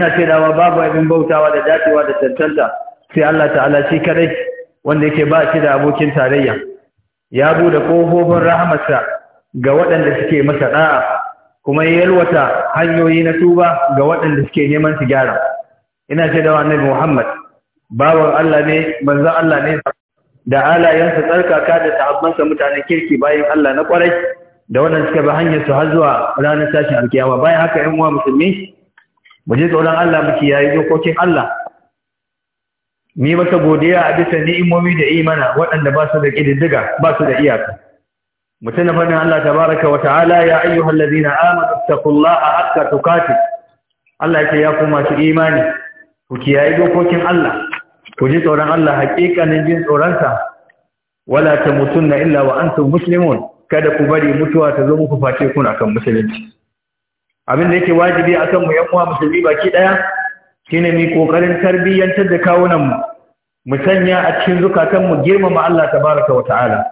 ina shaidawa babu abin bautawa da dacewa da tantanta sai Allah ta'ala shi kadai wanda yake ba shi da abokin tarayya ya bude kofofin rahamarsa ga waɗanda suke masa da'a kuma ya yalwata hanyoyi na tuba ga waɗanda suke neman su gyara ina shaidawa annabi Muhammad bawan Allah ne manzon Allah ne da alayansa tsarkaka da ta'abbansa mutanen kirki bayan Allah na kwarai da waɗanda suka bi hanyar su har zuwa ranar tashin alkiyama bayan haka ƴan uwa musulmi mu ji tsoron Allah muke yayi dokokin Allah ni masa godiya a bisa ni'imomi da imana waɗanda ba su da ƙididdiga ba su da iyaka mutum na fadin Allah tabaraka wa ta'ala ya ayyuhal ladina amanu taqullaha haqqa tuqatih Allah yake ya ku masu imani ku kiyaye dokokin Allah ku ji tsoron Allah haƙiƙanin jin tsoronsa wala na illa wa antum muslimun kada ku bari mutuwa ta zo muku face kuna kan musulunci abin da yake wajibi a kanmu ‘yan uwa musulmi baki ɗaya shi ne mai ƙoƙarin tarbiyyantar da kawunanmu mu sanya a cikin zukatanmu girmama Allah ta baraka wa ta'ala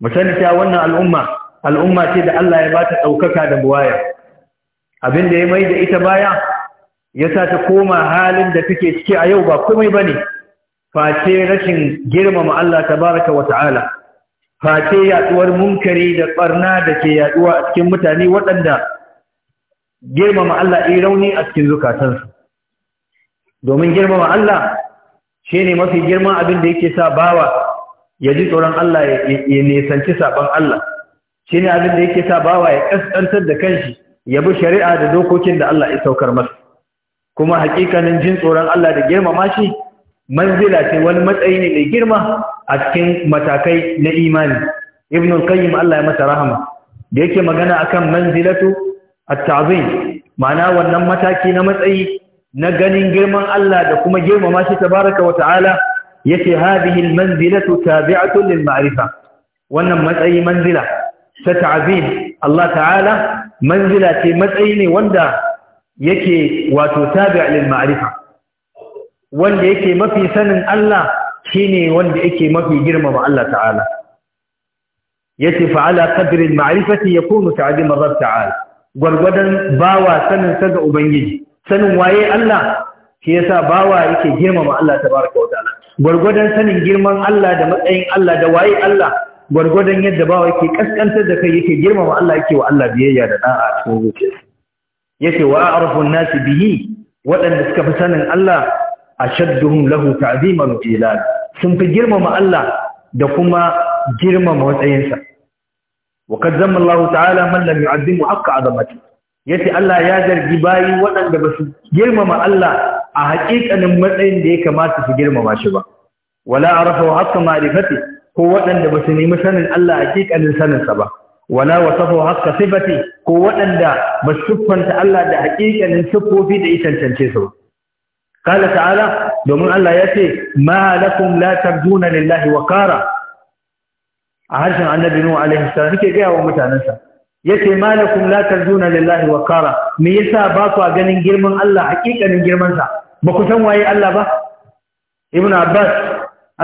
mu sani cewa wannan al'umma al'umma ce da Allah ya bata ɗaukaka da buwaya abin da ya mai da ita baya ya sa ta koma halin da take ciki a yau ba komai ba ne face rashin girmama Allah ta baraka wa ta'ala face yaɗuwar munkari da ɓarna da ke yaɗuwa a cikin mutane waɗanda girmama Allah yi eh, rauni a cikin zukatansu domin girmama Allah shi ne mafi girman abin da yake sa bawa ya ji tsoron Allah ya nisanci saɓon Allah shi ne abin da yake sa bawa ya ƙasƙantar da kanshi ya bi shari'a da dokokin da Allah ya saukar masa kuma hakikanin jin tsoron Allah da girmama shi manzila ce wani matsayi ne mai girma a cikin matakai na imani ibn qayyim Allah ya masa rahama da yake magana akan manzilatu at ma'ana wannan mataki na matsayi na ganin girman Allah da kuma girmama shi tabaraka wa ta'ala yace hadhihi al-manzilatu tabi'atun lil-ma'rifa wannan matsayi manzila ta ta'zim Allah ta'ala manzila ce matsayi ne wanda yake wato tabi'a lil wanda yake mafi sanin Allah shine wanda yake mafi girmama Allah ta'ala yace fa ala qadri al-ma'rifati yakunu ta'zim Allah ta'ala gwargwadon bawa sanin sa ga ubangiji sanin waye Allah Ke yasa bawa yake girmama Allah tabaraka wataala gwargwadon sanin girman Allah da matsayin Allah da waye Allah gwargwadon yadda bawa yake kaskantar da kai yake girmama Allah yake wa Allah biyayya da da'a a cikin zuciyarsa yace wa a'rafu an-nasi bihi waɗanda suka fi sanin Allah ashadduhum lahu ta'ziman wa sun fi girmama Allah da kuma girmama matsayinsa وقد ذم الله تعالى من لم يعظم حق عظمته yace Allah ya zargi bayi waɗanda ba su girmama Allah a haƙiƙanin matsayin da ya kamata su girmama shi ba wala arafa haqqa ma'rifati ko waɗanda ba su nemi sanin Allah haƙiƙanin sanin sa ba wala wasafa haqqa sifati ko waɗanda ba su siffanta Allah da haƙiƙanin siffofi da ya cancance su ba qala ta'ala domin Allah yace ma lakum la tarjuna lillahi waqara a harshen annabi nuhu alaihi salam yake gaya wa mutanensa yace malakum la tarjuna lillahi wa qara me yasa ba ku ganin girman Allah hakikanin girman sa ba ku san waye Allah ba ibn abbas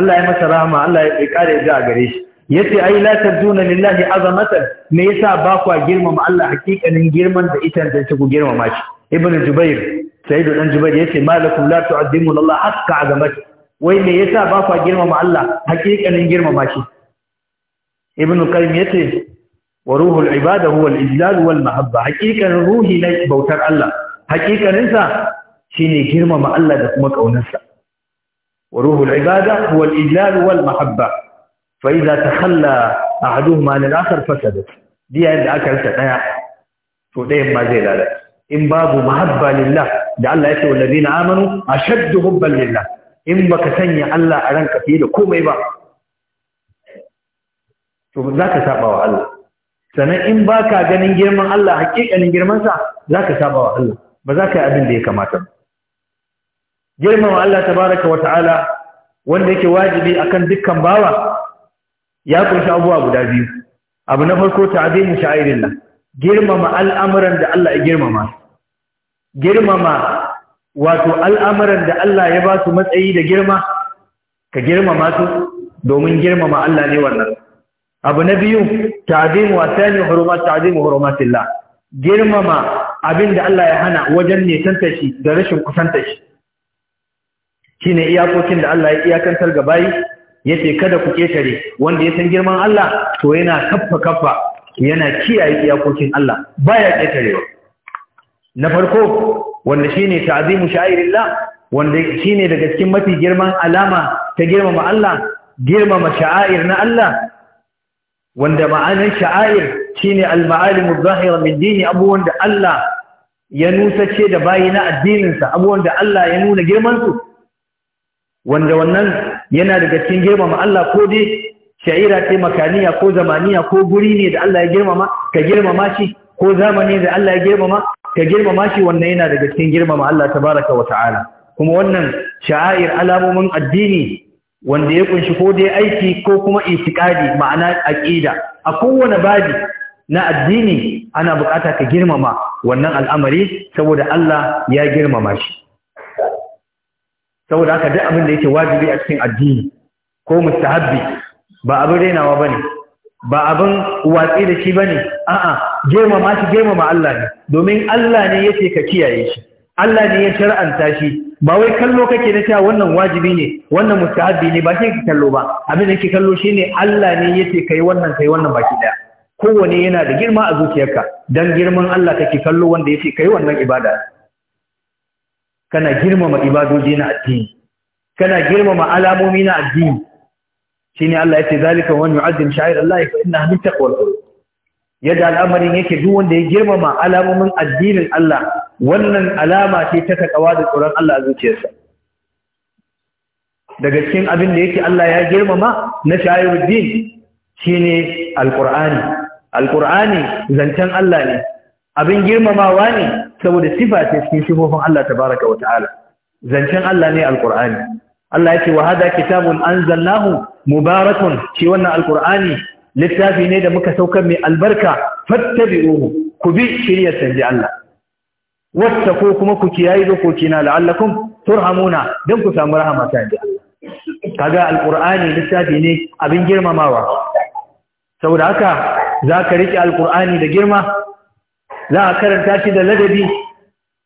Allah ya masa rahama Allah ya kare ga gare shi yace ai la tarjuna lillahi azamatan me yasa ba ku girmama Allah hakikanin girman da ita da ta ku girmama shi ibn jubair sayyidu dan jubair yace malakum la tu'azzimuna Allah haqqa azamati wai me yasa ba ku girmama Allah hakikanin girmama shi ibn qayyim yace wa ruhul ibada huwa al-ijlal wal mahabba haqiqan ruhi na bautar Allah haqiqanin sa shine girmama Allah da kuma kaunarsa wa ruhul ibada huwa al-ijlal wal mahabba fa idza takhalla ahaduhuma an akhar fasadat diya da aka rasa daya to dayan ma zai lalace in babu mahabba lillah da Allah yake wallazina amanu ashaddu hubban lillah in baka sanya Allah a ranka fiye da komai ba to za ka saba wa Allah sannan in ba ka ganin girman Allah hakikanin girmansa za ka saba wa Allah ba za ka yi abin da ya kamata ba girmama Allah tabaraka wa ta'ala wanda yake wajibi akan dukkan bawa ya kunshi abubuwa guda biyu abu na farko ta'zimu sha'irillah girmama al'amuran da Allah ya girmama girmama wato al'amuran da Allah ya ba su matsayi da girma ka girmama su domin girmama Allah ne wannan abu na biyu ta'zimu wa hurumat ta'zimu hurumatillah girmama abin da Allah ya hana wajen ne tantashi da rashin kusanta shi shine iyakokin da Allah ya iyakantar ga bayi yace kada ku ketare wanda ya san girman Allah to yana kaffa kaffa yana kiyaye iyakokin Allah baya ketarewa na farko wanda shine ta'zimu sha'irillah wanda shine daga cikin mafi girman alama ta girmama Allah girmama sha'air na Allah wanda ma'anar sha'air shine al-ma'alim az-zahira min dini abubuwan da Allah ya nusace da bayi na addininsa abubuwan da Allah ya nuna girman su wanda wannan yana daga cikin girmama Allah ko dai sha'ira ce makaniya ko zamaniya ko guri ne da Allah ya girmama ka girmama shi ko zamani da Allah ya girmama ka girmama shi wannan yana daga cikin girmama Allah tabaraka wa ta'ala kuma wannan sha'air alamomin addini wanda ya kunshi ko dai aiki ko kuma itikadi ma'ana aqida a kowane babi na addini ana bukata ka girmama wannan al'amari saboda Allah ya girmama shi saboda haka duk abin da yake wajibi a cikin addini ko mustahabbi ba abin renawa bane ba abin watsi da shi bane a'a girmama shi girmama Allah ne domin Allah ne yake ka kiyaye shi Allah ne ya shar'anta shi ba wai kallo kake na cewa wannan wajibi ne wannan mustahabi ne ba shi kake kallo ba abin da kake kallo shine Allah ne yace kai wannan kai wannan baki daya kowane yana da girma a zuciyarka dan girman Allah kake kallo wanda yace kai wannan ibada kana girmama ibadoji na addini kana girmama alamomi na addini shine Allah yace zalika wani yu'azzim sha'ir Allah fa innaha min taqwal yadda al'amarin yake duk wanda ya girmama alamomin addinin Allah wannan alama ce ta takawa da tsoron Allah a zuciyarsa daga cikin abin da yake Allah ya girmama na shayiruddin shine alqur'ani Alƙur'ani zancen Allah ne abin girmamawa ne saboda sifa ce cikin sifofin Allah baraka wa ta'ala zancen Allah ne alqur'ani Allah ya ce wahada kitabun anzalnahu mubarakun ciwannan wannan littafi ne da muka sauka mai albarka fattabi'uhu ku bi shiriyar sanji Allah wata ko kuma ku kiyaye koki na la'allakum turhamuna don ku samu rahama ta inda kaga alqur'ani lissafi ne abin girmamawa saboda haka zaka rike alqur'ani da girma za a karanta shi da ladabi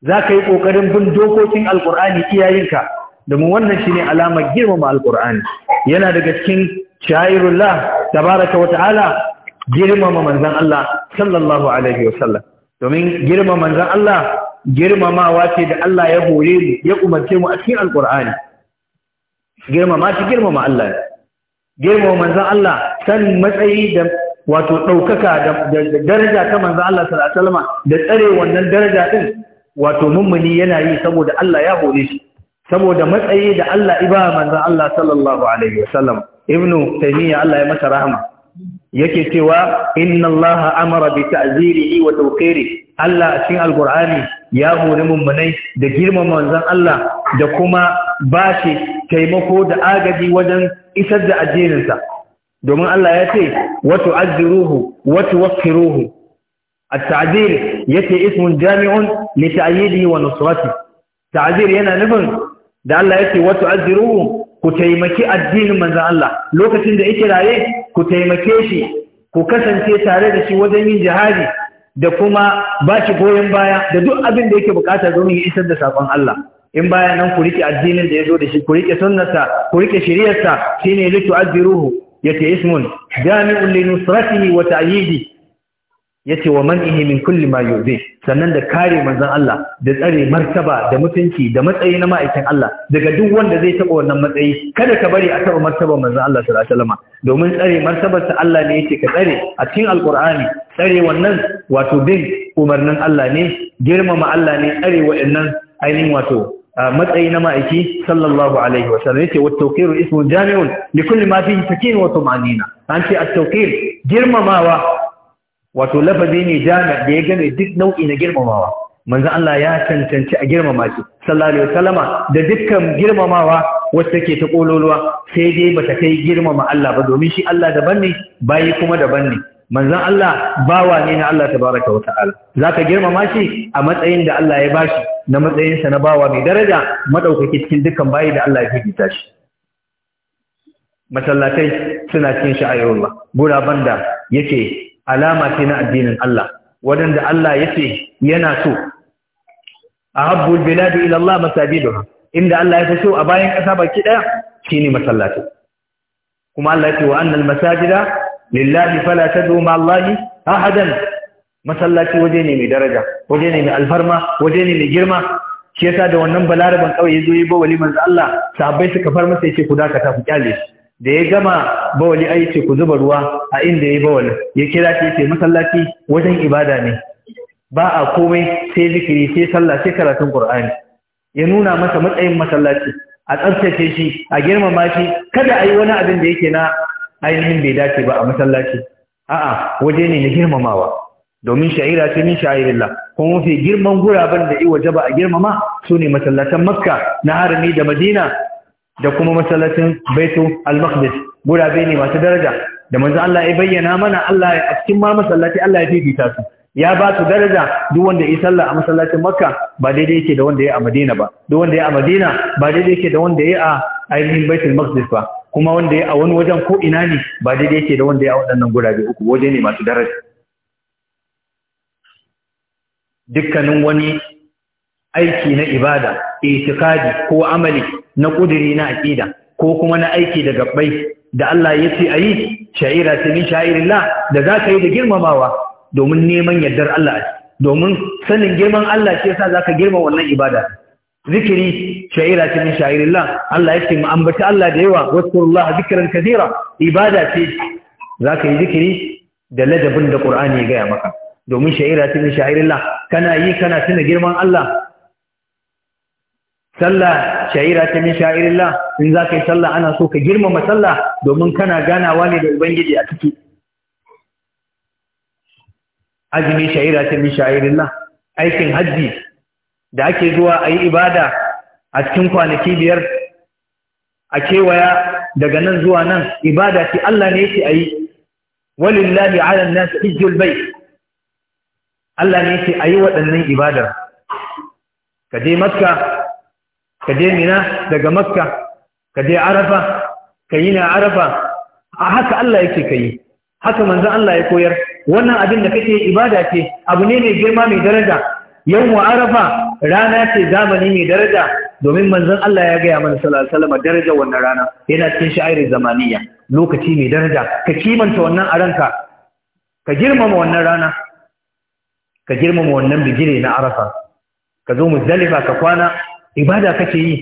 za ka yi ƙoƙarin bin dokokin alƙur'ani iyayenka domin wannan shi ne alamar girmama alƙur'ani yana daga cikin sha'irullah ta wa ta'ala girmama manzan Allah sallallahu alaihi wa domin girmama manzan Allah girmamawa ce da Allah ya hore mu ya umarce mu a cikin alkur'ani girmama shi girmama Allah girmama manzon Allah san matsayi da wato ɗaukaka da daraja ta manzon Allah sallallahu alaihi wasallam da tsare wannan daraja din wato mummuni yana yi saboda Allah ya hore shi saboda matsayi da Allah iba manzon Allah sallallahu alaihi wasallam ibnu taymiya Allah ya masa rahama yake cewa inna Allah amara bi ta'zirihi wa tawqirihi Allah a cikin alqur'ani ya hori mummunai da girmama manzon Allah da kuma bashi taimako da agaji wajen isar da addininsa domin Allah ya ce wato azziruhu wato wakiruhu at-ta'zir yace ismun jami'un li ta'yidihi wa nusrati ta'zir yana nufin da Allah yace wato ruhu ku taimaki addinin manzon Allah lokacin da yake raye ku taimake shi ku kasance tare da shi wajen yin jihadi da kuma ba shi goyon baya da duk abin da yake bukatar domin ya isar da sakon Allah in baya nan ku rike addinin da ya zo da shi ku rike sunnarsa ku rike shiriyarsa shine litu azziruhu yake ismun jami'un li nusratihi wa ta'yidi Ya ce wa man'ihi min kulli ma yu'zi sannan da kare manzan Allah da tsare martaba da mutunci da matsayi na ma'aikin Allah daga duk wanda zai taba wannan matsayi kada ka bari a taɓa martaba manzon Allah sallallahu alaihi wasallam domin tsare martabar sa Allah ne yake ka tsare a cikin alqur'ani tsare wannan wato bin umarnin Allah ne girmama Allah ne tsare wa'annan ainihin wato matsayi na ma'aiki sallallahu alaihi wa sallam yake wattaukiru ismun jami'un li kulli ma fihi sakin wa tuma'nina an ce at-tawkir girmamawa wato lafazi ne jami da ya gane duk nau'i na girmamawa manzo Allah ya cancanci a girmama shi sallallahu alaihi da dukkan girmamawa wacce take ta kololuwa sai dai bata kai girmama Allah ba domin shi Allah daban ne bayi kuma daban ne manzon Allah bawa ne na Allah tabaraka wa ta'ala zaka girmama shi a matsayin da Allah ya bashi na matsayin sa na bawa mai daraja madaukaki cikin dukkan bayi da Allah ya ta shi masallatai suna cikin sha'irullah gura da yake alama ce na addinin Allah waɗanda Allah yake yana so ahabbul biladi ila Allah masajiduha inda Allah ya so a bayan ƙasa baki ɗaya shine masallaci kuma Allah yake wa annal masajida lillahi fala tad'u ma Allahi ahadan masallaci waje ne mai daraja waje ne mai alfarma waje ne mai girma shi yasa da wannan balaraban kawai yazo yi ba wali manzo Allah sahabbai suka far masa yace ku dakata ku kyale shi da ya gama bawali aiki ku zuba ruwa a inda ya bawali ya kira shi ce masallaci wajen ibada ne ba a komai sai zikiri sai sallah sai karatun qur'ani ya nuna masa matsayin masallaci a tsaftace shi a girmama shi kada a yi wani abin da yake na ainihin bai dace ba a masallaci a'a waje ne na girmamawa domin sha'ira ce min sha'irillah kuma mafi girman guraben da iwa ba a girmama su ne masallatan makka na harami da madina da kuma masallacin baitu al-maqdis gurabe ne masu daraja da manzo Allah ya bayyana mana Allah ya cikin ma masallaci Allah ya fifita su ya ba su daraja duk wanda ya sallah a masallacin Makka ba daidai yake da wanda ya a Madina ba duk wanda ya a Madina ba daidai yake da wanda ya a ainihin Baitul Maqdis ba kuma wanda ya a wani wajen ko ina ne ba daidai yake da wanda ya a waɗannan gurabe uku waje ne masu daraja dukkanin wani aiki na ibada itikadi ko amali na ƙudiri na aƙida ko kuma na aiki da gabbai da Allah ya ce a yi sha'ira ta min sha'irillah da za ka yi da girmamawa domin neman yardar Allah domin sanin girman Allah shi yasa za ka girma wannan ibada zikiri sha'ira ta min sha'irillah Allah ya ce mu ambaci Allah da yawa allah zikran kathira ibada ce za ka yi zikiri da ladabin da Qur'ani ya gaya maka domin sha'ira ta min sha'irillah kana yi kana tuna girman Allah sallah Shayira ta min sha'irillah in za ka yi sallah ana so ka girmama sallah domin kana ganawa ne da ubangiji a ciki azumi Shayira ta min sha'irillah aikin hajji da ake zuwa a yi ibada a cikin kwanaki biyar a kewaya daga nan zuwa nan ibada ce Allah ne yake a yi walillahi ala nasu hijjul bai Allah ne yake a yi waɗannan ibadar ka je maska. ka je mina daga makka ka je arafa ka yi na arafa a haka Allah yake ka yi haka manzan Allah ya koyar wannan abin da kake ibada ce abu ne mai girma mai daraja yau wa arafa rana ce zamani mai daraja domin manzan Allah ya gaya mana sallallahu alaihi daraja wannan rana yana cikin sha'irin zamaniya lokaci mai daraja ka kimanta wannan a ranka ka girmama wannan rana ka girmama wannan bijire na arafa ka zo muzdalifa ka kwana ibada kake yi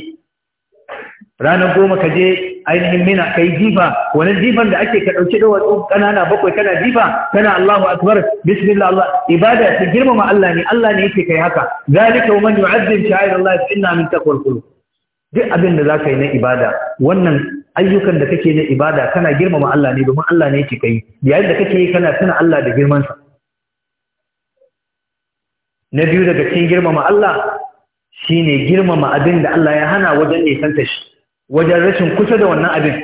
ranar goma ka je ainihin mina ka yi jifa wani jifan da ake ka ɗauki duwatsu ƙanana bakwai kana jifa kana Allahu akbar bismillah Allah ibada ta girmama Allah ne Allah ne yake kai haka zalika wa man yu'azzim sha'airallahi fa inna min taqwal qulub duk abin da zaka yi na ibada wannan ayyukan da kake na ibada kana girmama Allah ne domin Allah ne yake kai yayin da kake yi kana tuna Allah da girman sa na biyu daga cikin girmama Allah shine girmama abin da Allah ya hana wajen nisanta shi wajen rashin kusa da wannan abin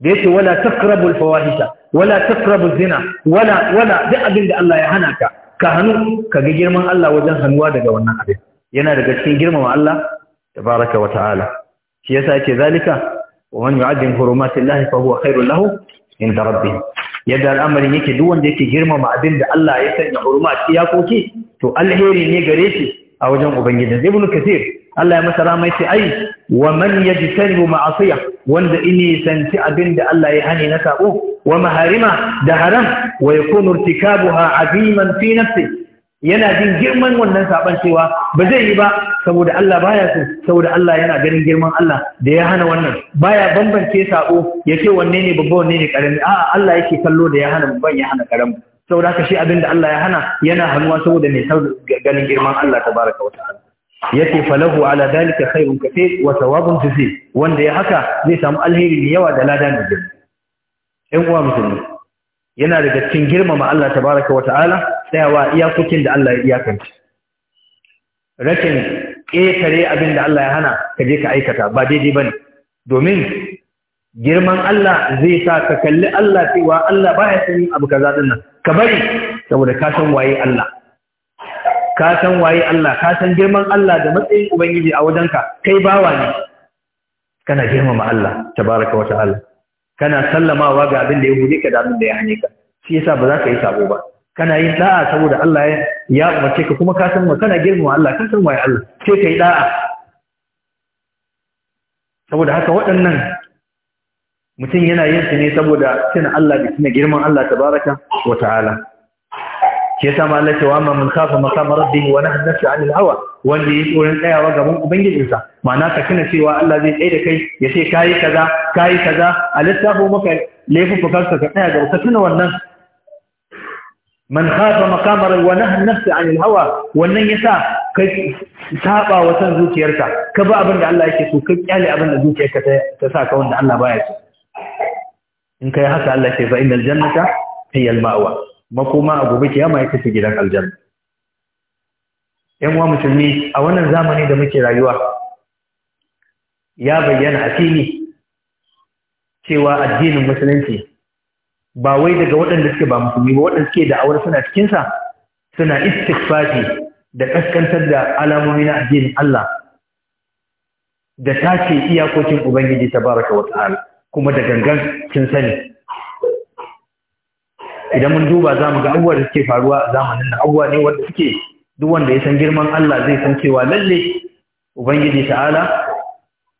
da yake wala taqrabul fawahisha wala taqrabuz zina wala wala duk abin da Allah ya hana ka ka hanu ka ga girman Allah wajen hanuwa daga wannan abin yana daga cikin girmama Allah tabaraka wa ta'ala shi yasa yake zalika wa man yu'azzim hurumatillahi fa huwa khairul lahu inda rabbih yadda al'amarin yake duk wanda yake girmama abin da Allah ya sanya ya koki to alheri ne gare shi a wajen ubangijin ibn kathir Allah ya masa rama yace ai wa man yajtanibu ma'asiya wanda ini santi abinda Allah ya hani na sao wa maharima da haram wa yakunu ha aziman fi nafsi yana jin girman wannan saban cewa ba zai yi ba saboda Allah baya so saboda Allah yana ganin girman Allah da ya hana wannan baya bambance ya ce wanne ne babba wanne ne karami a'a Allah yake kallo da ya hana babban ya hana karami saboda haka shi abin da Allah ya hana yana hannuwa saboda mai ganin girman Allah wata wa ya ce falahu ala dalika khairun kafe wa thawabun kafe wanda ya haka zai samu alheri da yawa da lada mai girma ɗan uwa musulmi yana daga cikin girmama Allah baraka wa ta'ala tsayawa iyakokin da Allah ya iyakanci. rashin ƙetare abin da Allah ya hana ka je ka aikata ba daidai bane domin girman Allah zai sa ka kalli Allah cewa Allah baya san yin abu ka zaɗin nan ka bari saboda ka san waye Allah ka san waye Allah ka san girman Allah da matsayin ubangiji a wajenka kai bawa ne kana girmama Allah tabaraka wa ta'ala kana sallamawa ga abin da ya huje ka da abin da ya hane ka shi yasa ba za ka yi sabo ba kana yin da'a saboda Allah ya umarce ka kuma ka san wa kana girmama Allah ka san waye Allah sai kai da'a saboda haka waɗannan mutum yana yin su ne saboda tuna Allah da tuna girman Allah tabaraka wa ta'ala Ke yasa ma Allah cewa amma mun kafa maqama rabbih wa nahna nafsa 'anil hawa wanda yi tsoron tsayawa gaban ubangijinsa ma'ana ka kina cewa Allah zai tsaye da kai ya ce kayi kaza kayi kaza a lissafo maka laifukanka ka tsaya ga ka tuna wannan man khafa maqama wa nahna nafsa 'anil hawa wannan yasa ka saba wa san zuciyarka ka ba abin da Allah yake so ka kyale abin da zuciyarka ta sa ka wanda Allah baya so in kai haka Allah ce fa innal jannata hiya al-ma'wa makoma a gobe kiyama ita ce gidan aljanna yan uwa musulmi a wannan zamani da muke rayuwa ya bayyana a fili cewa addinin musulunci ba wai daga waɗanda suke ba musulmi ba waɗanda suke da'awar suna cikinsa suna istikfati da kaskantar da alamomi na addinin Allah da tace iyakokin Ubangiji tabaraka wa ta'ala kuma da gangan kin sani idan mun duba za mu ga abubuwa da suke faruwa a zamanin nan abubuwa ne wanda suke duk wanda ya san girman Allah zai san cewa lalle ubangiji ta'ala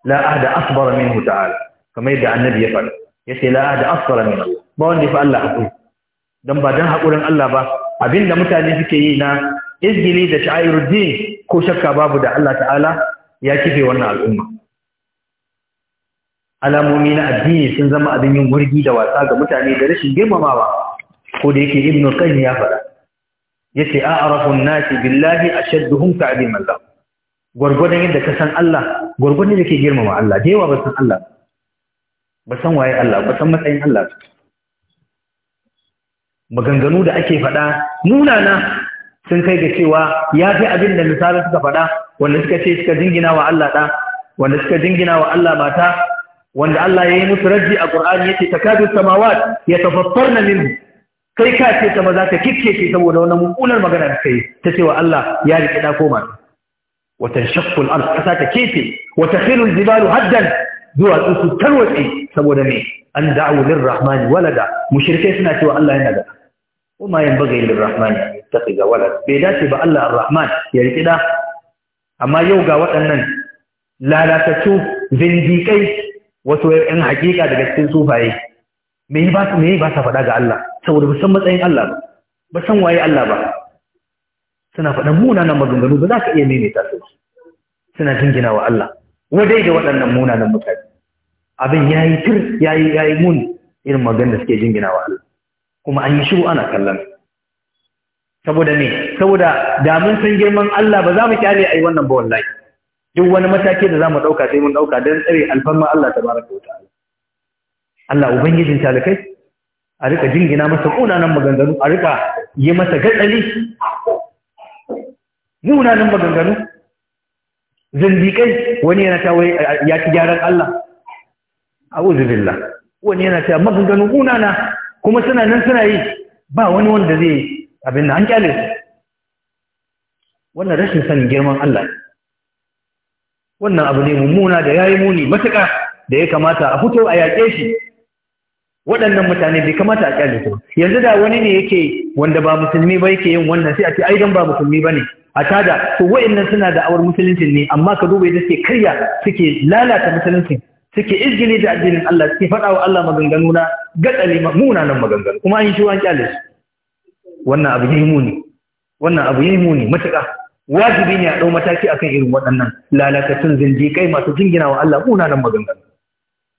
la ahda asbara minhu ta'ala kamar yadda annabi ya faɗa ce la ahda asbara minhu ba wanda ya fi Allah haƙuri dan ba dan haƙurin Allah ba abinda mutane suke yi na izgili da din ko shakka babu da Allah ta'ala ya kife wannan al'umma alamomi na addini sun zama abin yin wurgi da wasa ga mutane da rashin girmamawa ko da yake ibnu qayyim ya fara yace a'rafu an-nasi billahi ashadduhum ta'diman lahu gurgurdan yadda ka san Allah gurgurdan da ke girmama Allah da yawa ba san Allah ba san waye Allah ba san matsayin Allah maganganu da ake faɗa munana sun kai ga cewa ya fi abin da misalan suka faɗa wanda suka ce suka jingina wa Allah da wanda suka jingina wa Allah mata wanda Allah ya yi musu raji a Qur'ani yake takadu samawat yatafattarna minhu kai ka ce ta maza ka kikkece saboda wannan mummunar magana da kai ta cewa Allah ya rike da koma wata al ard kasa ta kefe wata khilul jibalu haddan zuwa su tarwatsi saboda me an da'u lirrahmani walada mushrikai suna cewa Allah yana da kuma yan bagai lirrahmani taqiga walad bai dace ba Allah rahman ya rike da amma yau ga waɗannan lalatattu zindiƙai wasu yan hakika daga cikin sufaye me ba su me ba sa faɗa ga Allah saboda ba san matsayin Allah ba ba san waye Allah ba suna faɗan munanan maganganu ba za ka iya maimaita su suna jingina wa Allah wadai da waɗannan munanan mutane abin yayi tir yayi yayi mun irin maganar da suke jingina wa Allah kuma an yi shiru ana kallon saboda ne, saboda da mun san girman Allah ba za mu kyale ai wannan ba wallahi duk wani mataki da za mu dauka sai mun dauka dan tsare alfarma Allah ta baraka wa ta'ala Allah ubangijin talakai a rika jingina masa ƙunanan maganganu a rika yi masa gatsali munanan maganganu zindikai wani yana ta wai ya ci gyaran Allah a'udhu billah wani yana ta maganganu munana kuma suna nan suna yi ba wani wanda zai abin nan an kyale su wannan rashin sanin girman Allah wannan abu ne mummuna da yayi muni matuƙa da ya kamata a fito a yaƙe shi waɗannan mutane bai kamata a kyale su yanzu da wani ne yake wanda ba musulmi ba yake yin wannan sai a ce ai dan ba musulmi bane a tada to wa'annan suna da awar musulunci ne amma ka duba yadda suke karya suke lalata musulunci suke izgili da addinin Allah suke faɗa wa Allah maganganu na gatsali munanan maganganu kuma an yi shi an kyale su wannan abu ne muni wannan abu ne muni matuƙa wajibi ne a ɗau mataki akan irin waɗannan lalatacin zindiƙai masu jingina wa Allah munanan maganganu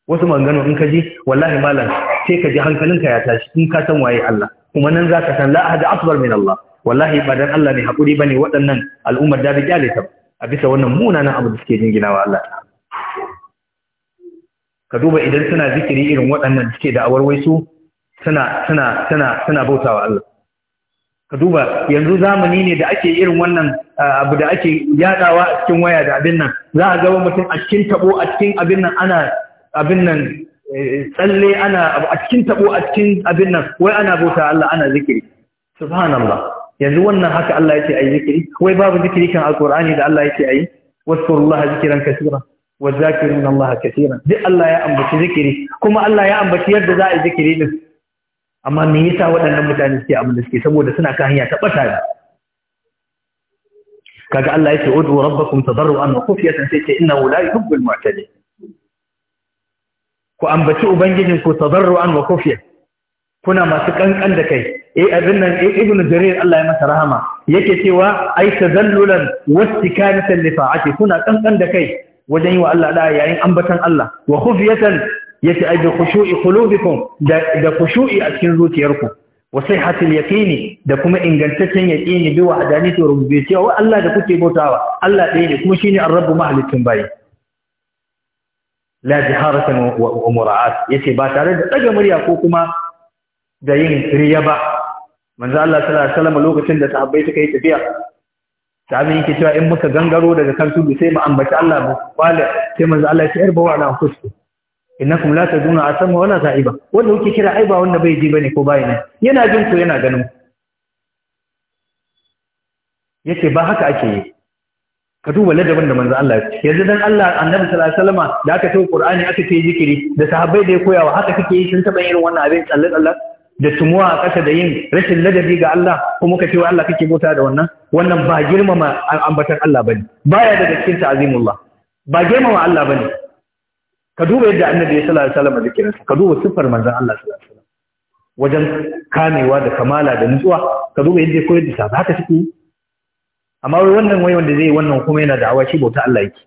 wasu maganganu in ka ji wallahi malam sai ka ji hankalinka ya tashi in ka san waye Allah kuma nan ka san la ahada akbar min Allah wallahi ba dan Allah ne hakuri bane waɗannan al'ummar da bi kyale ta a bisa wannan munanan abu da suke jingina wa Allah ka duba idan suna zikiri irin waɗannan suke da awarwaisu, suna suna suna suna bautawa Allah ka duba yanzu zamani ne da ake irin wannan abu da ake yadawa a cikin waya da abin nan za a gaba mutum a cikin tabo a cikin abin nan ana abin nan eh, tsalle ana a cikin tabo a cikin abin nan wai ana bauta Allah ana zikiri subhanallah yanzu wannan haka Allah yake ayi zikiri wai babu zikiri kan alqur'ani da Allah yake ayi wasfarullaha zikran kaseeran wazakirun Allah kaseeran duk Allah ya ambaci zikiri kuma Allah ya ambaci yadda za a yi zikiri din amma me yasa waɗannan mutane suke abin da suke saboda suna kan hanya ta bata ne kaga Allah yake ud'u rabbakum tadarruan wa khufyatan sai ce innahu la yuhibbul mu'tadin ku ambaci ubangijin ku an wa khufya kuna masu kankan da kai eh abin nan eh, ibnu jarir Allah ya masa rahama yake cewa ai tadallulan wastikanatan li fa'ati kuna kankan da kai wajen yi wa Allah da yayin ambatan Allah wa khufyatan yace ai bi khushu'i qulubikum da da khushu'i a cikin zuciyarku wa sihhatil yaqini da kuma ingantaccen yaqini bi wahdaniyati rububiyyati wa Allah da kuke bautawa Allah ɗaya ne kuma shine ar-rabb mahalicin bayi la jiharatan wa mura'at yace ba tare da daga murya ko kuma da yin riya ba manzo Allah sallallahu alaihi wasallam lokacin da sahabbai suka yi tafiya sahabin yake cewa in muka gangaro daga kan tudu sai mu ambaci Allah mu kwala sai manzo Allah ya ce irbawa ala kuskure innakum la taduna asama wala taiba. wanda kuke kira ai wanda bai ji bane ko bai ne? yana jin ku yana ganin yace ba haka ake yi ka duba ladabin da manzo Allah ya ce yanzu dan Allah annabi sallallahu alaihi wasallam da aka tawo Qur'ani aka ce zikiri da sahabbai da ya koya wa haka kake yi sun taba irin wannan abin tsalle tsalle da tumuwa a ƙasa da yin rashin ladabi ga Allah kuma ka ce wa Allah kake mota da wannan wannan ba girmama ambatar Allah bane baya daga cikin ta'zimullah ba girmama Allah bane ka duba yadda annabi ya sallallahu alaihi wasallam da kiransa ka duba sifar manzon Allah sallallahu alaihi wasallam wajen kamewa da kamala da nutsuwa ka duba yadda koyar da sabu haka take amma wai wannan wai wanda zai wannan kuma yana da'awa shi bauta Allah yake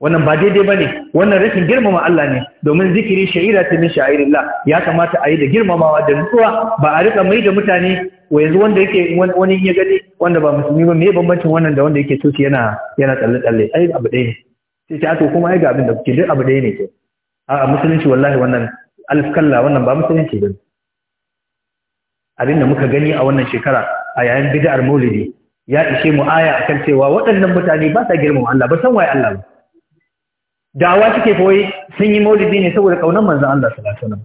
wannan ba daidai bane wannan rashin girmama Allah ne domin zikiri sha'ira ta min sha'irillah ya kamata a yi da girmamawa da nutsuwa ba a rika mai da mutane wa yanzu wanda yake wani ya gani wanda ba musulmi ba me bambancin wannan da wanda yake tuki yana yana tsalle tsalle ai abu ɗaya sai ta to kuma ai ga abin da kuke duk abu ɗaya ne ke a musulunci wallahi wannan kalla wannan ba musulunci ba abin da muka gani a wannan shekara a yayin bid'ar maulidi ya ishe mu aya akan cewa waɗannan mutane ba sa girmama Allah ba san waye Allah ba dawa suke koyi sun yi maulidi ne saboda kaunar manzon Allah sallallahu alaihi wasallam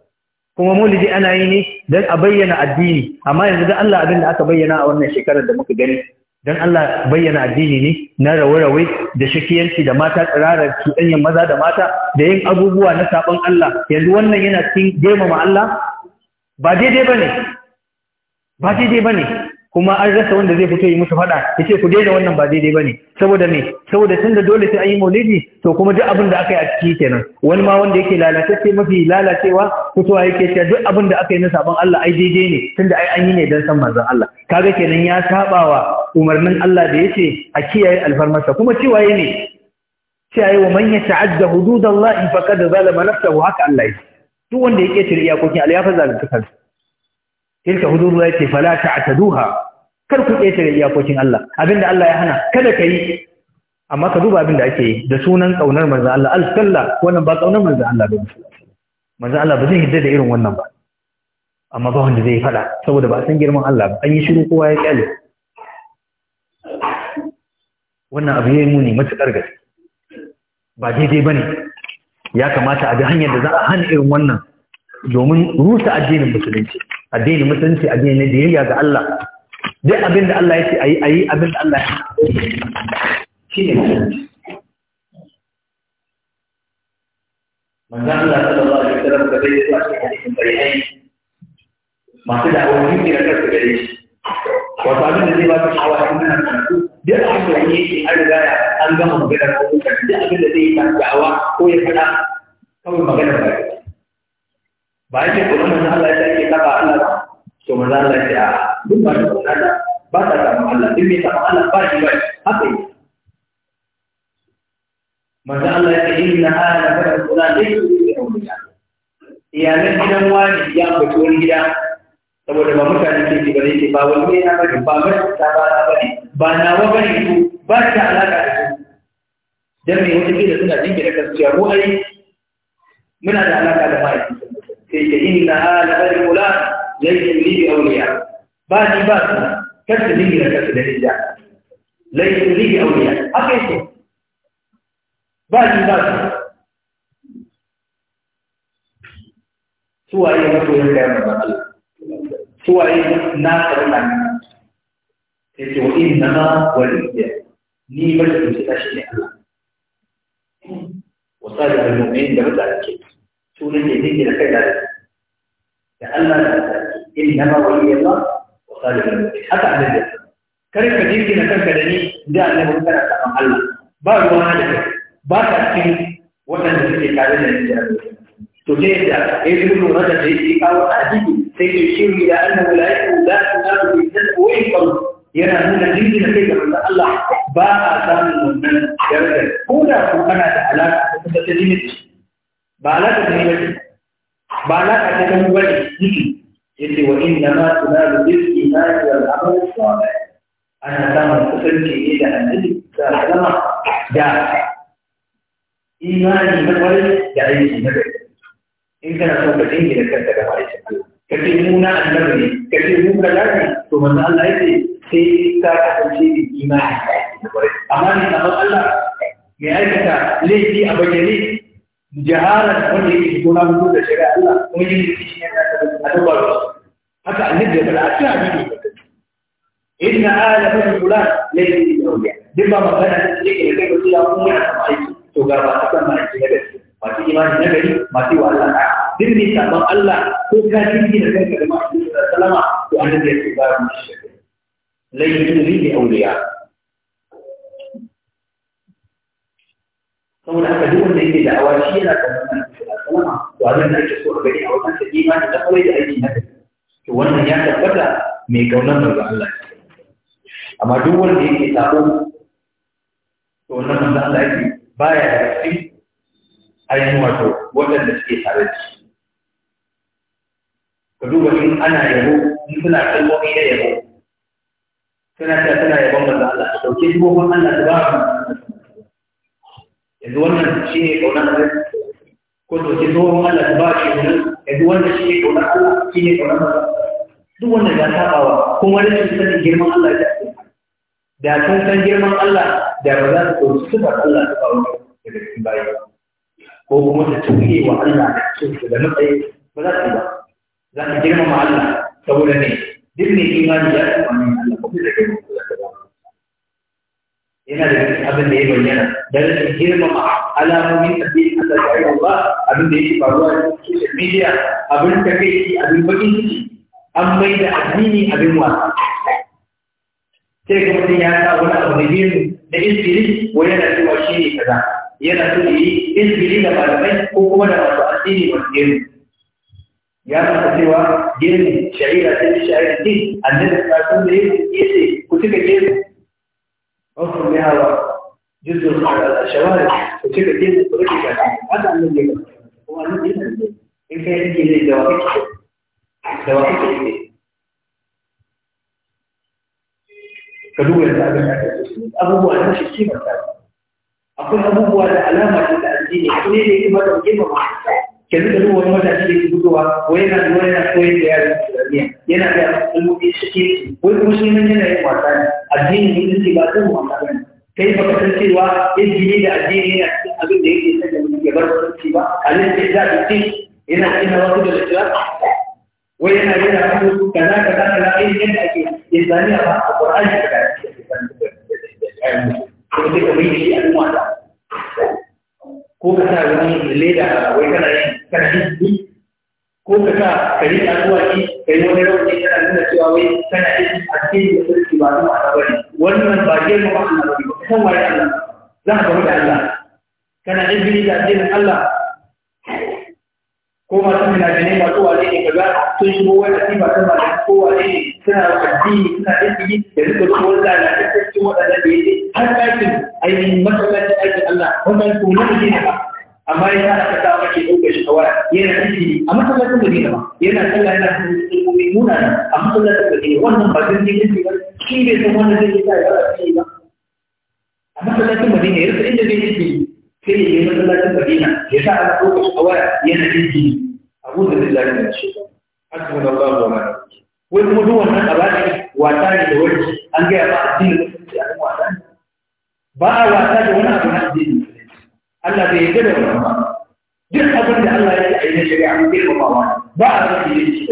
kuma maulidi ana yi ne don a bayyana addini amma yanzu da Allah abin da aka bayyana a wannan shekarar da muka gani don Allah bayyana addini ne na rawe-rawe da shakiyanci da mata tsirarar cuɗanyen maza da mata da yin abubuwa na saɓon Allah yanzu wannan yana cikin girmama Allah ba daidai ba ne ba daidai ba ne kuma an rasa wanda zai fito yi musu faɗa ya ce ku daina wannan ba daidai ba ne saboda me saboda tun da dole sai an yi maulidi to kuma duk abin da aka yi a ciki kenan wani ma wanda yake lalatacce mafi lalacewa fitowa yake cewa duk abin da aka yi na saɓon Allah ai daidai ne tun da ai an yi ne don san manzon Allah kaga kenan ya saɓa wa. umarnin Allah da ya ce a kiyaye alfarmarsa kuma cewa ya ne a yi wa man yata'adda hududallahi faqad zalama nafsahu haka Allah yake duk wanda ya ƙetare iyakokin Allah ya fa zalunta kansa tilka hududullahi ce ta duha kar ku ƙetare iyakokin Allah abinda Allah ya hana kada ka yi amma ka duba abinda ake yi da sunan kaunar manzo Allah al-sallah wannan ba kaunar manzo Allah ba manzo Allah ba zai hidda da irin wannan ba amma ba wanda zai faɗa saboda ba san girman Allah ba an yi shiru kowa ya ƙyale. wannan abu ya yi muni matuƙar gari ba daidai ba ne ya kamata a bi hanyar da za a hana irin wannan domin rusa addinin musulunci addinin musulunci addini da yayya ga Allah duk abin da Allah ya ce ayi ayi abin da Allah ya ce shi ne manzo Allah sallallahu alaihi wasallam da bai yi masu da ne da kansu gare shi wato abin da zai ba su shawara in ana duk abin da yake an riga an gama magana ko abubuwa duk abin da zai yi da'awa ko ya faɗa kawai maganar ba ba ko kuma manzo Allah ya ce kafa Allah to manzo Allah ya ce a duk ba da Allah ba ta samu Allah duk mai samu Allah ba shi ba haka yi manzo Allah ya ce inna hada fa rasulana laysa Ya iyalin gidan wani ya fito wani gida saboda ba mutane ke ji gare ke ba wani na bari ba mai ta ba na bari ba na wa bari su ba ta alaka da su dan me wata kila suna jinki da kasuwa ko ai muna da alaka da mai sai ke inna ala bari mula laysa li bi awliya ba ni ba su kasu jinki da kasu da hijja laysa li bi awliya haka yake ba ni ba su suwaye masoyan kayan Allah هو ايه ناقل المعنى يجي وانما ولي ني بس مش شيء وصالح المؤمن ده بدأ كده شو اللي يديك لكده لألا إنما ولي الله وصالح المؤمن حتى عن الجنة كريم كديك لكده كدني ده أنه كان أسمع الله بعد وانا بعد أكيد وانا نسيك علينا الجنة تجيزة إذن رجل جيسيك أو أهديك تجي يشير إلى أنه لا يكون داخل هذا الإنسان ويقل يرى أن الدين كيف أن الله باع أسام المنزل يرى كل أسامنا تعالك أسامنا تجين بعلاك تجين بعلاك تجين وجه إلا وإنما تنال بالإيمان والعمل الصالح أنا تم تسلكي إلى أن تسلم جاء إيماني مدرج جاء إيماني مدرج إن كان سوف تجين إلى كتابة مالي سبحانه katimuna annabi ne katimu kaza ne to manzo Allah yake sai ka kasance da imani amma ne amma Allah mai aikata laifi a bayyane jahalar wanda yake gona mutu da shari'a Allah kuma yin da shi yana da adabar haka annabi ya fara a cikin hadisi inna ala min fulan laysa bi awliya dibba magana da yake da kai da kuma ya aiki to garba kan mai da gaske masu imani na gari masu wa Allah duk mai sabon Allah ko ka jirgi da kanka da masu da salama ko an da yake ba mu shi lai yi yuri bi Sau saboda haka duk wanda yake da awa shi yana kallon salama ko an da yake so a gani a wannan da imani da kawai da aiki haka to wannan ya tabbata mai kaunar manzo Allah amma duk wanda yake sabon to wannan manzo Allah yake baya da cikin ainihin wato waɗanda suke tare da shi ka duba in ana yabo in suna kalmomi da yabo suna ta suna yabon manzo Allah ka dauke dubobin Allah da babu yanzu wannan shi ne kaunar Allah ko dauke kuma Allah ta ba shi ne yanzu wannan shi ne kaunar Allah shi ne kaunar Allah duk wanda ya tabawa kuma shi sanin girman Allah ya ce da sun san girman Allah da ba za su ɗauki sifar Allah ta kawo daga cikin bayan ko kuma ta tuke wa Allah ta ce da matsayi ba za su ba za ka girmama Allah saboda ne duk mai imani ya kuma ne Allah ko da kai yana da abin da ya bayyana da rashin girmama alamomin addinin Allah da ayyuka ba abin da yake faruwa a social media abin da kai abin bakin ciki an mai da addini abin wasa sai kuma ya sa wani abu da biyu da izgiri wani yana cewa shi ne kaza yana so yi izgiri da malamai ko kuma da masu addini masu gero ya nuna cewa girin shari'a ta ce shari'a din annabi ta san da yake yace ku cika girin wasu ne hawa juzul shawari ku cika girin ku rike ka haka annabi ya kuma annabi ya ce in kai yake ne da wakilci da wakilci ne ka duba yadda abin da ake so abubuwa na shi kimanta akwai abubuwa da alama da addini ne ne kuma da girmama ke duka duk wani matashi da ke fitowa ko yana da wani yana koyar da yaran islamiyya yana da al'ummomi suke wai kuma shi nan yana yin wasa ne addinin musulunci ba zan wasa ne kai baka san cewa izini da addini yana cikin abin da yake sanya mutum ya bar musulunci ba a lokacin da ake yana ina wasu da islam wai yana yana kuma kaza kaza kaza irin yadda ake islamiyya ba a qur'ani da kaza sai ka bayyana shi a wasa ko ka sa wani leda wai kana yin karfi ko ka sa ka yi alwaki ka yi wani rauni kana nuna cewa wai kana yin addini da sulki ba kuma a bari wannan ba ke ma Allah ba ba san wai Allah za ka ga Allah kana yin da addinin Allah ko ma sun da ne ba to wale ne kaza sun shigo wani asiba ta ba ko wale ne suna addini suna yin da duka kowa da na cikin wadanda da yi. har aikin ainihin masallaci aikin Allah wannan sunan ne ba amma ya aka sa ake ɗaukar shi kawai yana aiki a masallacin Madina ba yana sallah yana cikin kuma muna a masallacin wannan ba zan yi ba shi bai san wannan zai yi sai ya rasa ba a masallacin Madina ya rasa inda zai yi sai ya yi masallacin Madina ya sa aka ɗaukar shi kawai yana aiki abu da zai lafiya da shi hasbunallahu wa ni'mal wakil wai kuma duk wannan wata ne da wani an gaya ba addinin musulunci a kan wata ba a wata da wani abu na addini Allah bai yarda da wannan ba duk abin da Allah ya yi na shari'a an girmamawa ba ba a rage yin shi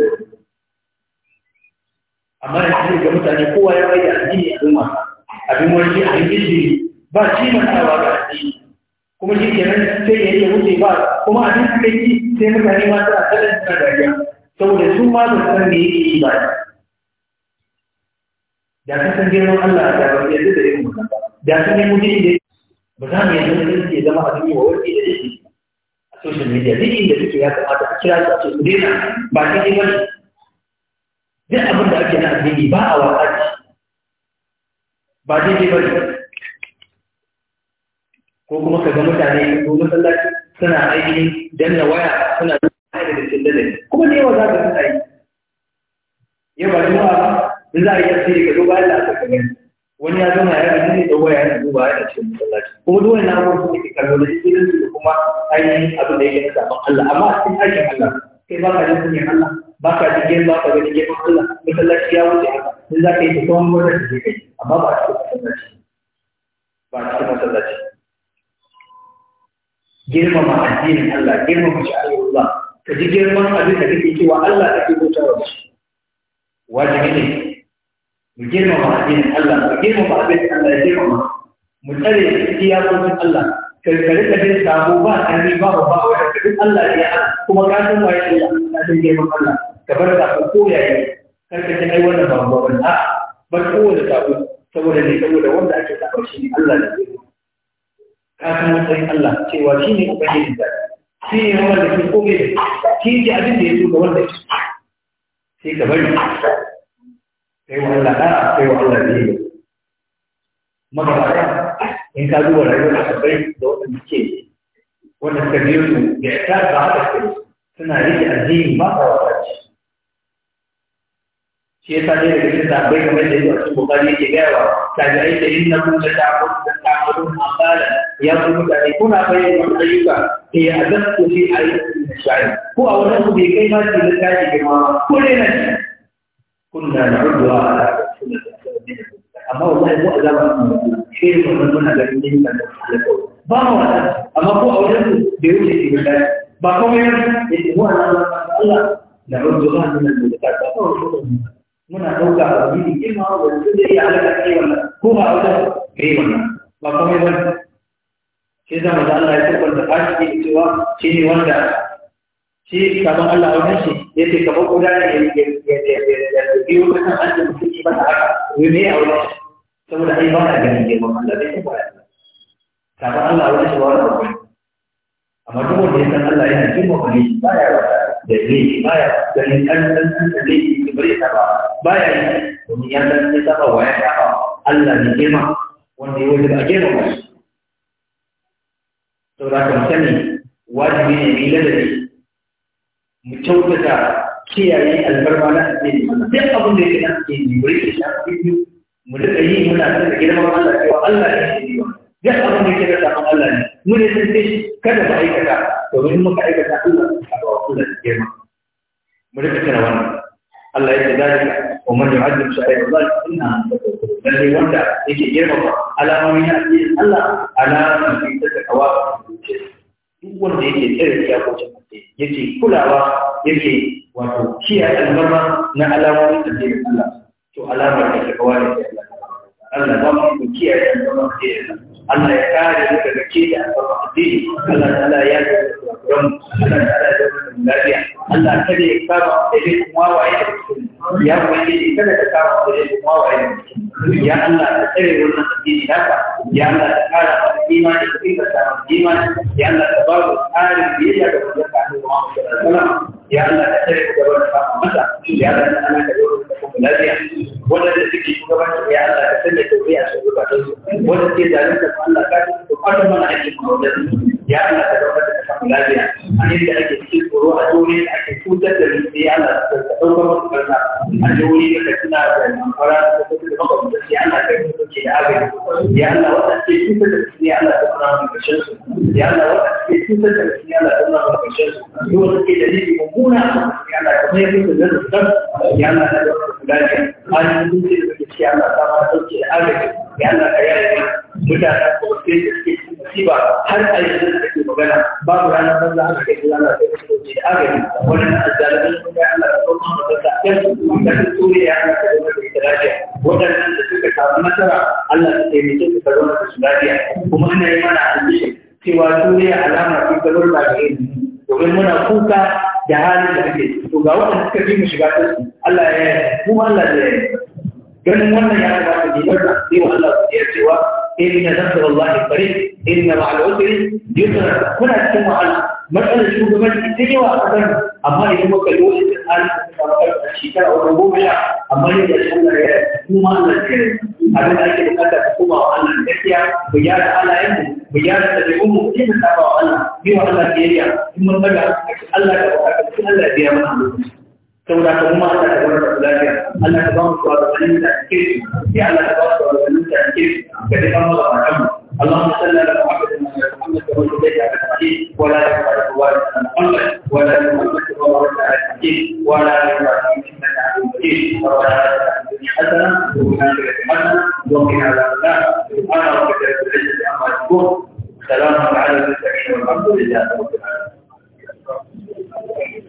amma da shi ga mutane kowa ya bai da addini a umma abin wani a yi ba shi ba ga addini kuma shi ke nan sai ya yi da wuce ba kuma abin da kai sai mutane ma suna kallon suna dariya saboda su ma ba san me yake yi ba da ka san girman Allah da ba yarda da yin mutunta da ka yi mutum da ba za mu yanzu kirki ya zama a yi wa warke da shi a social media duk da suke ya kamata a kira su a ce su daina ba ta yi wani duk abin da ake na addini ba a wasa da ba daidai ba ne ko kuma ka ga mutane ko masallaci suna aiki na waya suna aiki da cikin dalili kuma da yawa za ka suna yi yau ba jama'a ba za a yi tasiri ka zo bayan da aka gani wani ya zama ya gani ne da waya yana duba yana cikin masallaci kuma duk wannan abubuwan da ke kallo da cikin su da kuma ainihin abu da yake da zaben Allah amma a cikin aikin Allah kai ba ka jin kunyan Allah ba ka ji gefe ba ka gani gefen Allah masallaci ya wuce haka sai za ka yi tsawon wata da ke kai amma ba a cikin masallaci ba a cikin masallaci girmama addinin Allah girmama shi Allah ka ji girman abin da kake cewa Allah kake bautawa shi wajibi ne mu girmama addinin Allah mu girmama abin Allah ya girmama mu tsare iyakokin Allah karkare ka dai sabo ba tsari ba ba ba wa duk Allah ya yi kuma ka san waye Allah ka san girman Allah ka bar ka ko koya ne karka ta ai wannan ba ba a bar kowane sabu saboda ne saboda wanda ake sabo shi Allah ne ka san matsayin Allah cewa shi ne ubangiji da shi ne wanda ke komai da shi ji abin da ya so ga wanda sai ka bari kai wa Allah da kai wa Allah biyu magabata in ka duba rayuwar da sabai da wanda ke wanda suka biyo su da ita ba haka ce suna rike addini ba ta wata ce shi yasa ne da cikin sabai kamar da yake cikin bukari yake gaya wa tabi'ai da inna kun da da ta'amudun amala ya ku mutane kuna bayyana ayyuka ke ya azabtu fi ayyukan shari'a ko a wannan ku bai kai ma ke littafi girma ko ne na كنا نعدها على سنة أما والله مو أزام شيء من من هذا الدين كان بارو أما هو أولا بيوجد في بالله بقوم هو الله نعدها Ba المدكات muna ɗauka a wani girma wanda zai yi alaƙa kai wannan ko ba wata kai wannan ba kuma yi wani shi zama da Allah ya tukar da fashi ke cewa shi ne wanda shi kamar Allah wani shi ya ce kamar guda ne ya biyo ka san an da mutunci masa haka wai me ya wuce saboda ai ba ka Allah bai ku ba Allah wani shi wani amma wanda Allah yana girmama ne ba ya da ne ba ya ganin an san an da ne ki bare ta ba ba ya ya wa ya Allah ne girma wanda ya wuce a girmama shi saboda kan sani wajibi ne mu ladabi mu kyautata kiyaye albarba na addini duk abin da yake na addini wuri ke shafi biyu mu duka yi muna da Allah cewa Allah ne ke duk abin da yake Allah ne mu ne san sai kada mu aikata domin muka aikata Allah a kula da mu duka wannan Allah ya ce zalika wa man Allah inna lalle wanda yake girma na addinin Allah da ta duk wanda yake tsare ya ko yake kulawa yake wato kiya albarma na alamomin addinin Allah to alamar da ke kawai da Allah Allah ba mu kiyaye albarma da Allah Allah ya kare mu daga ke da alfarma addini Allah ta'ala ya ji da kuran Allah ta'ala ya ji da lafiya Allah kada ya kama da dai kuma waye da ya ubangiji kada ka kama da dai kuma waye ya Allah ka tsare wannan addini haka ya Allah ka kare mu imani da kuma imani ya Allah ka ba mu tsarin biyayya ga Allah ta'ala ya Allah ka tare da gaban ka masa ya Allah ka ana da yau da kuma lafiya wanda da suke shugaban ka ya Allah ka sanya tauriya su zuba ta su wanda ke zalunta ka Allah ka ta kwata mana ake kuma da ya Allah ka dauka da kuma lafiya a inda ake cikin tsoro a dole da ake cutar da mu ya Allah ka dauka mu karna a dole da ka tuna da amfara da kuma da makwabta ya Allah ka yi ke da agaji ya Allah wanda ke cutar da su ya Allah ka tuna mu karshen su ya Allah wanda ke cutar da su ya Allah ka tuna mu karshen su dole ke dalili mun mummuna ya Allah kamar yadda kuka zan san ya Allah da wani kula ne an yi dutse da kuke Allah ta ma sauke da agaji ya Allah ka yaya ne mutane ko sai da suke cikin gana har a yi da a magana babu ranar banza aka kai kula da kai sauke da agaji wannan azzalimin sun ga Allah ka sauke da banza kan su da su tsore ya Allah ka zama da ita lafiya waɗannan da suka samu nasara Allah a taimake su ka zama da su lafiya kuma ana yi mana almishin cewa duniya alama ce ta gurɓa da domin muna kuka da halin da ake to ga wannan suka bi mu shiga cikin Allah ya yi mu Allah ya yi ganin wannan ya kamata ne barka sai wa Allah ya cewa inna nasrullahi qarib inna ma'al usri yusra kuna cikin wahala matsalar shugabanci ta yawa a kan amma idan muka yi wani tsari a shekara wata goma sha amma yau da Allah ya kuma Allah ya abin da ake bukata ka koma wa Allah ya ku gyara halayen biyarta da kuma kina tsawa Allah biwa a biyarya in mun daga Allah da wata kuma Allah biya mana lokaci saboda ka kuma Allah ta لك da lafiya Allah ta ba mu da ganin da ake shi Allah ta ba mu da ganin da ake ka da kamar da kamar ولا يقبل على محمد وعلى آله وصحبه ولا تبارك ولا محمد ولا محمد ولا تحكيم ولا تحكيم إنك عبد مجيد ولا تحكيم حسنا وبحمدك حسنا وقنا على الله سبحان ربك رب العزة عما يصفون سلام على المرسلين والحمد لله رب العالمين